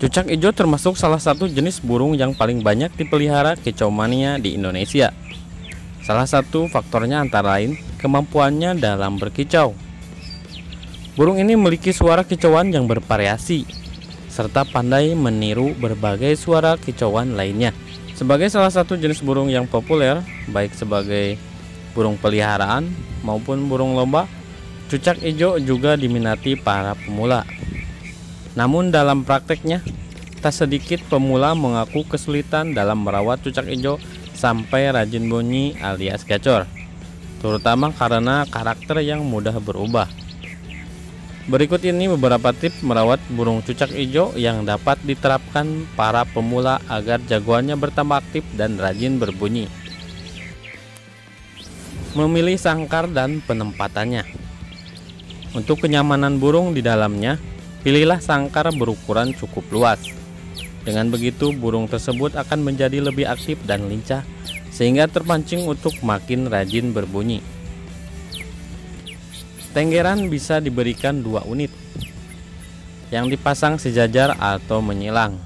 Cucak ijo termasuk salah satu jenis burung yang paling banyak dipelihara kicau mania di Indonesia. Salah satu faktornya antara lain kemampuannya dalam berkicau. Burung ini memiliki suara kicauan yang bervariasi, serta pandai meniru berbagai suara kicauan lainnya. Sebagai salah satu jenis burung yang populer, baik sebagai burung peliharaan maupun burung lomba, cucak ijo juga diminati para pemula namun dalam prakteknya, tak sedikit pemula mengaku kesulitan dalam merawat cucak hijau sampai rajin bunyi alias gacor, terutama karena karakter yang mudah berubah. Berikut ini beberapa tips merawat burung cucak hijau yang dapat diterapkan para pemula agar jagoannya bertambah aktif dan rajin berbunyi. Memilih sangkar dan penempatannya. Untuk kenyamanan burung di dalamnya, Pilihlah sangkar berukuran cukup luas. Dengan begitu, burung tersebut akan menjadi lebih aktif dan lincah, sehingga terpancing untuk makin rajin berbunyi. Tenggeran bisa diberikan dua unit yang dipasang sejajar atau menyilang.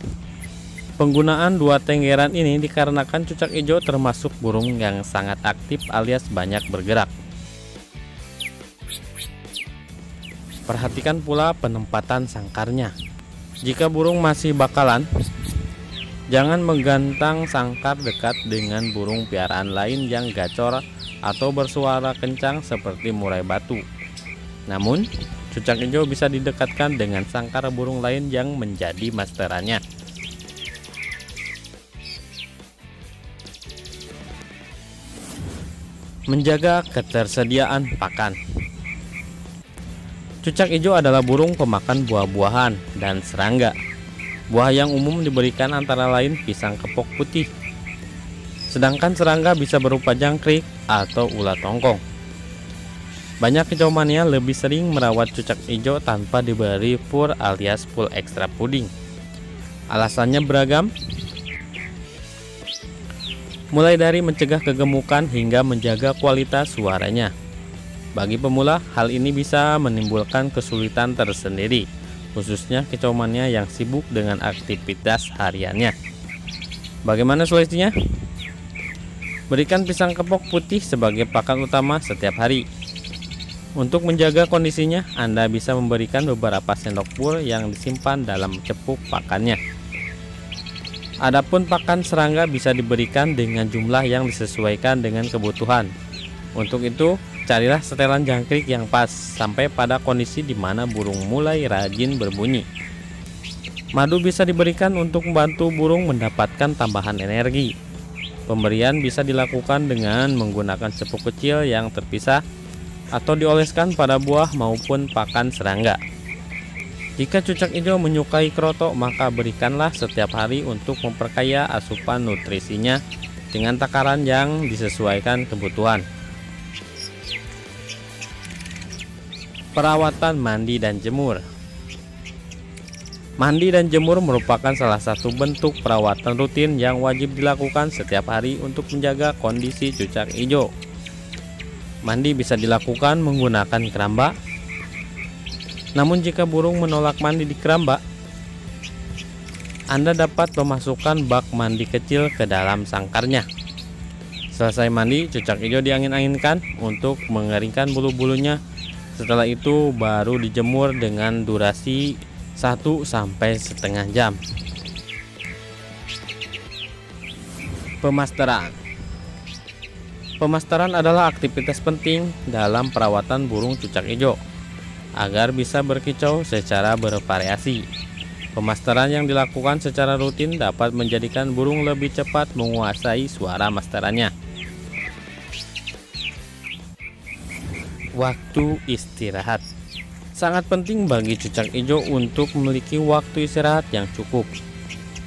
Penggunaan dua tenggeran ini dikarenakan cucak hijau termasuk burung yang sangat aktif alias banyak bergerak. Perhatikan pula penempatan sangkarnya. Jika burung masih bakalan, jangan menggantang sangkar dekat dengan burung piaraan lain yang gacor atau bersuara kencang seperti murai batu. Namun, cucak hijau bisa didekatkan dengan sangkar burung lain yang menjadi masterannya. Menjaga ketersediaan pakan. Cucak hijau adalah burung pemakan buah-buahan dan serangga. Buah yang umum diberikan antara lain pisang kepok putih. Sedangkan serangga bisa berupa jangkrik atau ulat tongkong. Banyak hijau lebih sering merawat cucak hijau tanpa diberi pur alias full extra puding. Alasannya beragam, mulai dari mencegah kegemukan hingga menjaga kualitas suaranya. Bagi pemula, hal ini bisa menimbulkan kesulitan tersendiri, khususnya kecomannya yang sibuk dengan aktivitas hariannya. Bagaimana solusinya? Berikan pisang kepok putih sebagai pakan utama setiap hari. Untuk menjaga kondisinya, Anda bisa memberikan beberapa sendok pur yang disimpan dalam cepuk pakannya. Adapun pakan serangga bisa diberikan dengan jumlah yang disesuaikan dengan kebutuhan. Untuk itu, Carilah setelan jangkrik yang pas sampai pada kondisi di mana burung mulai rajin berbunyi. Madu bisa diberikan untuk membantu burung mendapatkan tambahan energi. Pemberian bisa dilakukan dengan menggunakan cepuk kecil yang terpisah atau dioleskan pada buah maupun pakan serangga. Jika cucak hijau menyukai kroto, maka berikanlah setiap hari untuk memperkaya asupan nutrisinya dengan takaran yang disesuaikan kebutuhan. Perawatan mandi dan jemur Mandi dan jemur merupakan salah satu bentuk perawatan rutin yang wajib dilakukan setiap hari untuk menjaga kondisi cucak hijau. Mandi bisa dilakukan menggunakan keramba. Namun jika burung menolak mandi di keramba, Anda dapat memasukkan bak mandi kecil ke dalam sangkarnya. Selesai mandi, cucak hijau diangin-anginkan untuk mengeringkan bulu-bulunya setelah itu baru dijemur dengan durasi 1 sampai setengah jam. Pemasteran Pemasteran adalah aktivitas penting dalam perawatan burung cucak hijau agar bisa berkicau secara bervariasi. Pemasteran yang dilakukan secara rutin dapat menjadikan burung lebih cepat menguasai suara masterannya. waktu istirahat. Sangat penting bagi cucak hijau untuk memiliki waktu istirahat yang cukup.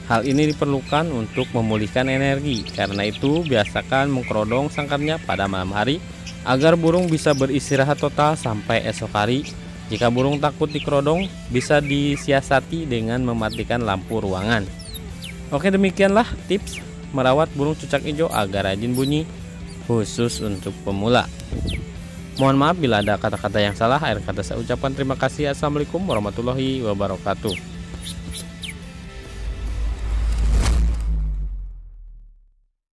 Hal ini diperlukan untuk memulihkan energi, karena itu biasakan mengkerodong sangkarnya pada malam hari agar burung bisa beristirahat total sampai esok hari. Jika burung takut dikerodong, bisa disiasati dengan mematikan lampu ruangan. Oke demikianlah tips merawat burung cucak hijau agar rajin bunyi khusus untuk pemula. Mohon maaf bila ada kata-kata yang salah. Akhir kata saya ucapkan terima kasih. Assalamualaikum warahmatullahi wabarakatuh.